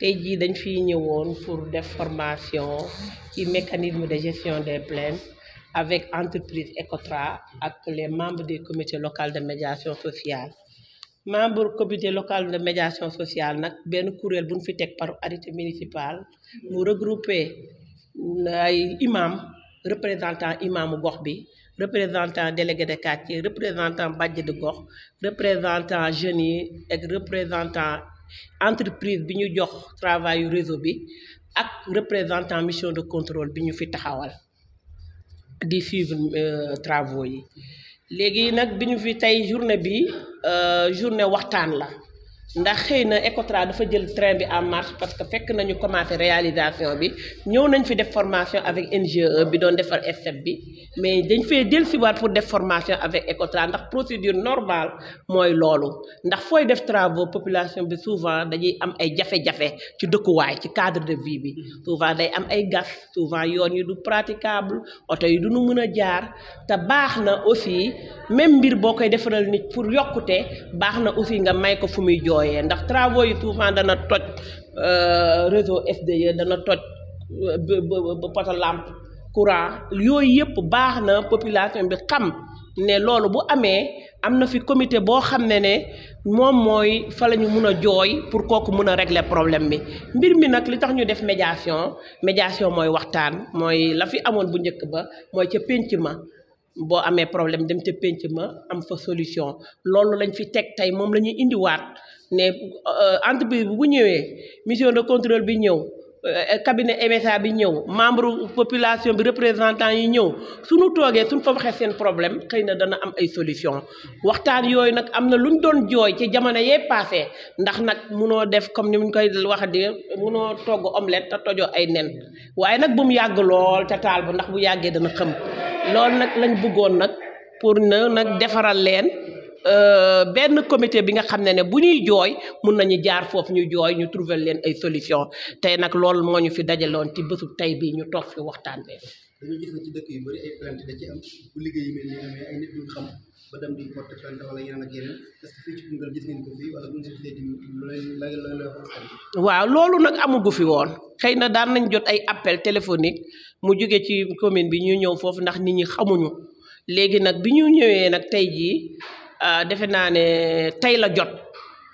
tey jii dañ fi ñëwoon pour def formation ci mécanisme de gestion des plaintes avec entreprise Ecotra ak les membres des comité local de médiation sociale membre comité local de médiation sociale nag benn kuréel bu ñu fi teg par arrêté municipal mu regroupé ay imam représentant imamu gox bi représentant délégué de quartier représentant bàjj de gox représentant jeunes yi ak représentant entreprise bi ñu jox travail yu réseau bi ak représentant mission de controle bi ñu fi taxawal di suivre euh, travaux yi léegi nag bi ñu fi tey journée bi euh, journée waxtaan la ndax xëy na Ecotra dafa jël train bi en marche parce que fekk nañu commencé réalisation bi ñëw nañ fi def formation avec NGE bi doon defar STEP bi mais dañ fee jël si pour def formation avec Ecotra ndax procédure normal mooy loolu ndax fooy def travaux population bi souvent dañuy am ay jafe-jafe ci dëkkuwaay ci cadre de vie bi souvent day am ay gas souvent yoon yi du praticable oto yi du nu mën a jaar te baax na aussi même mbir boo koy defaral nit pour yokkute baax na aussi nga may ko fu muy jooy yee ndax travaux yi souvent dana toj euh, réseau SDE dana toj euh, poto lampe courant yooyu yëpp baax na population bi xam ne loolu bu amee am na fi commité boo xam ne ne moom mooy fa la ñu mun a jooy pour kooku mun a régler problème bi mbir mi nag li tax ñu def médiation médiation mooy waxtaan mooy la fi amoon bu njëkk ba mooy ca pénc ma boo amee problème dem ca pénc ma am fa solution loolu lañ fi teg tey moom la ñuy indiwaat ne euh, entreprise bu ñëwee mission de contrôle bi ñëw euh, cabinet MSA bi ñëw membre population bi représentant yi ñëw su suñu toogee suñ fa waxee seen problème xëy na dana am ay solution waxtaan yooyu nag am na lu luñ doon jooy ci jamono yee paase ndax nag noo def comme ni mu muñ koy wax di noo togg omelette te tojoo ay nen waaye nag bu mu yàgg lool ca taal ba ndax bu yàggee dana xëm loolu nag lañ bëggoon nag pour na nag defaral leen euh, benn comité bi nga xam ne ne bu ñuy jooy mun nañu jaar foofu ñu jooy ñu trouver leen ay solution tey nag loolu moo ñu fi dajaloon ci bésub tey bii ñu toog fi waxtaan bee am liggéey ba dem di porte waaw loolu nag amu gu fi woon xëy na daan nañ jot ay appel téléphonique mu jóge ci commune bi ñuy ñëw foofu ndax nit ñi xamuñu léegi nag bi ñu ñëwee nag tey jii euh, defe naa ne tey la jot.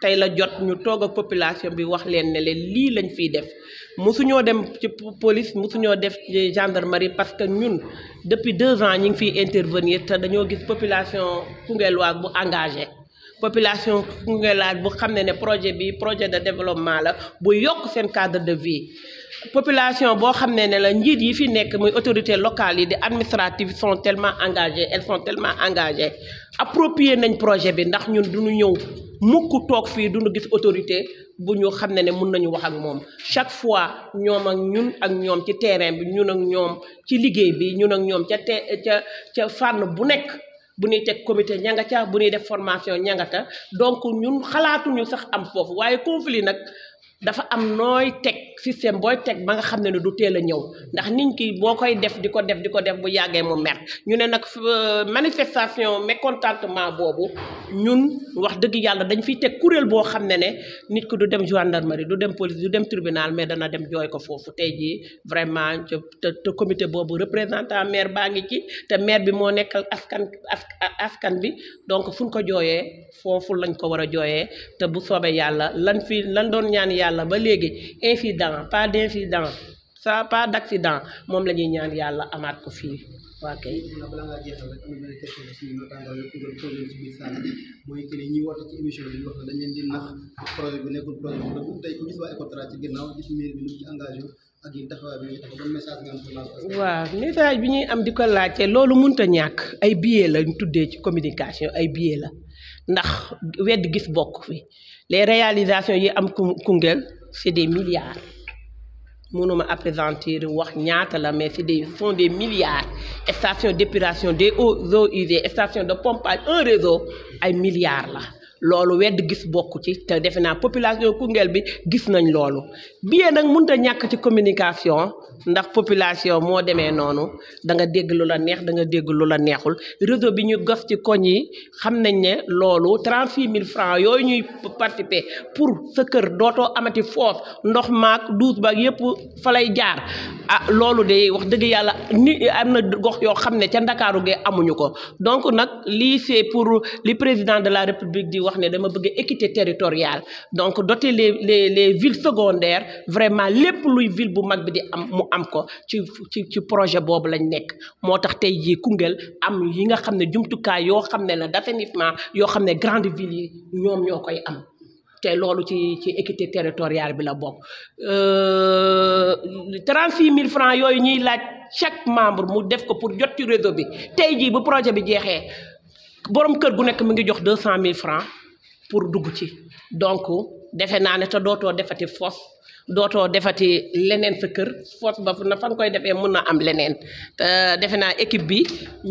tey la jot ñu toog ak population bi wax leen ne leen lii lañ fiy def mosuñoo dem ci police mosuñoo def ci gendarmerie parce que ñun depuis deux ans ñu ngi fiy intervenir te dañoo gis population Kounguelwaar bu engagé population Kounguelwaar bu xam ne ne projet bi projet de développement la bu yokk seen cadre de vie population boo xam ne ne la njiit yi fi nekk muy autorité locale yi di administratives sont tellement engagé elles sont tellement engagées approprié nañ projet bi ndax ñun duñu ñëw mukk toog fii duñu gis autorité bu ñu xam ne ne mun nañu wax ak moom chaque fois ñoom ak ñun ak ñoom ci terrain bi ñun ak ñoom ci liggéey bi ñun ak ñoom ca te ca ca fànn bu nekk bu ñuy teg comité ñanga ca bu ñuy def formation ñanga ta donc ñun xalaatuñu sax am foofu waaye conflit nag dafa am nooy teg système booy teg ba nga xam ne ne du teel a ñëw ndax nit ki boo koy def di ko def di ko def bu yàggee mu mer ñu ne nag euh, manifestation mécontentement boobu ñun wax dëgg yàlla dañ fiy teg kuréel boo xam ne ne nit ki du dem gendarmerie du dem police du dem tribunal mais dana dem jooy ko foofu te jii vraiment te te comité boobu représentant maire baa ngi ci te maire bi moo nekkal askan askan bi donc fu ñu ko jooyee foofu lañ ko war a jooyee bu soobee yàlla lan fi lan doon ñaan yàlla la ba léegi incident pas d'incident sa pas d'accident moom la ñuy ñaan yàlla amaat ko fii waa kay. balaa ngaa jeexal rek am na benn question aussi ñoo tàngoor bi ñuy am waaw message bi ñuy am di ko laajte loolu munta ñàkk ay la ñu tuddee ci communication ay billets la. ndax wedd gis bokk fi les réalisations yi am Koungheul c'est des milliards mënuma apprésentir wax ñaata la mais c'est des sont des milliards station d'épuration des eaux usées station de pompage un réseau ay milliards la loolu wedd gis bokk ci te defe naa population Koungheul bi gis nañ loolu bien nag mënut a ñàkk ci communication ndax population moo demee noonu da nga dégg lu la neex da nga dégg lu la neexul réseau bi ñu gas ci koñ yi xam nañ ne loolu trente-six mille francs yooyu ñuy participer pour sa kër dootoo amati foofu ndox maak douze ba yëpp fa lay jaar a ah, loolu de wax dëgg yàlla ni am na gox yoo xam ne ca Ndakaaru ge amuñu ko donc nag lii c'est pour li président wax ne dama bëgg équité territoriale donc doter les les les ville secondaire vraiment lépp luy ville bu mag bi di am mu am ko ci ci ci projet boobu lañ nekk moo tax tey jii Koungheul am yi nga xam ne jumtukaay yoo xam ne la d'affinissement yoo xam ne grande ville yi ñoom ñoo koy am te loolu ci ci équité territoriale bi la bokk euh, trente six mille francs yooyu ñuy laaj chaque membre mu def ko pour jot ci réseau bi tey jii bu projet bi jeexee borom kër gu nekk mi ngi jox deux mille francs pour dugg ci donc defe naa ne te dootoo defati foos dootoo defati leneen sa kër foos ba na fan koy defee mun na am leneen te defe naa équipe bi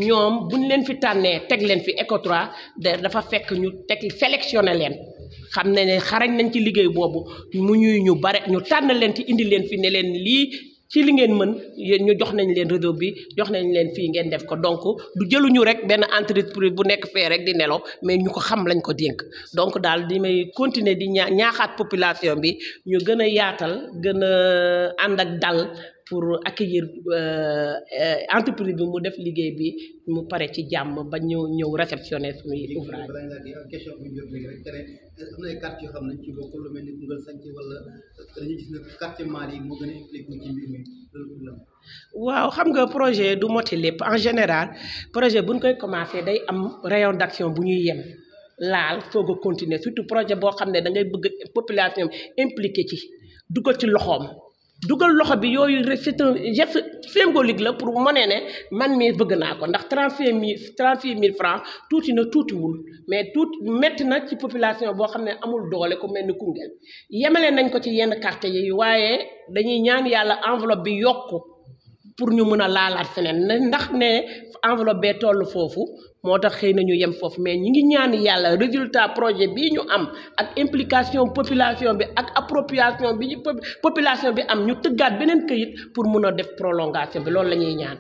ñoom buñ leen fi tànnee teg leen fi de dafa fekk ñu teg sélectionné leen xam ne ne xarañ nañ ci liggéey boobu mu ñuy ñu bare ñu tànn leen ci indi leen fi ne leen lii ci li ngeen mën yéen ñu jox nañ leen réseau bi jox nañ leen fii ngeen def ko donc du jëluñu rek benn entreprise bu nekk fee rek di nelaw mais ñu ko xam lañ ko dénk donc daal di may continuer di ñaaxaat population bi ñu gën a yaatal gën a ànd ak dal pour accueillir euh, entreprise bi mu def liggéey bi mu pare ci jàmm ba ñëw ñëw réceptionné suñuy ouvrage question waaw xam nga projet du moti lépp en général projet bu buñ koy commencé day am rayon d'action bu ñuy yem laal soog a continuer surtout projet boo xam ne da ngay bëgg population impliqué ci dugal ci loxoom dugal loxo bi yooyu c'est un geste symbolique la pour mu ne ne man mii bëgg naa ko ndax trente cinq mille trente six mille francs tuuti na tuutiwul mais tuuti métti na ci population boo xam ne amul doole ku mel ni Koungheul yemale nañ ko ci yenn quartier yi waaye dañuy ñaan yàlla enveloppe bi yokk pour ñu mun a laalaat feneen ndax ne enveloppe bee toll foofu moo tax xëy nañu yem foofu mais ñi ngi ñaan yàlla résultat projet bii ñu am ak implication population bi ak appropriation bi ñu population bi am ñu tëggaat beneen këyit pour mun a def prolongation bi loolu la ñuy ñaan.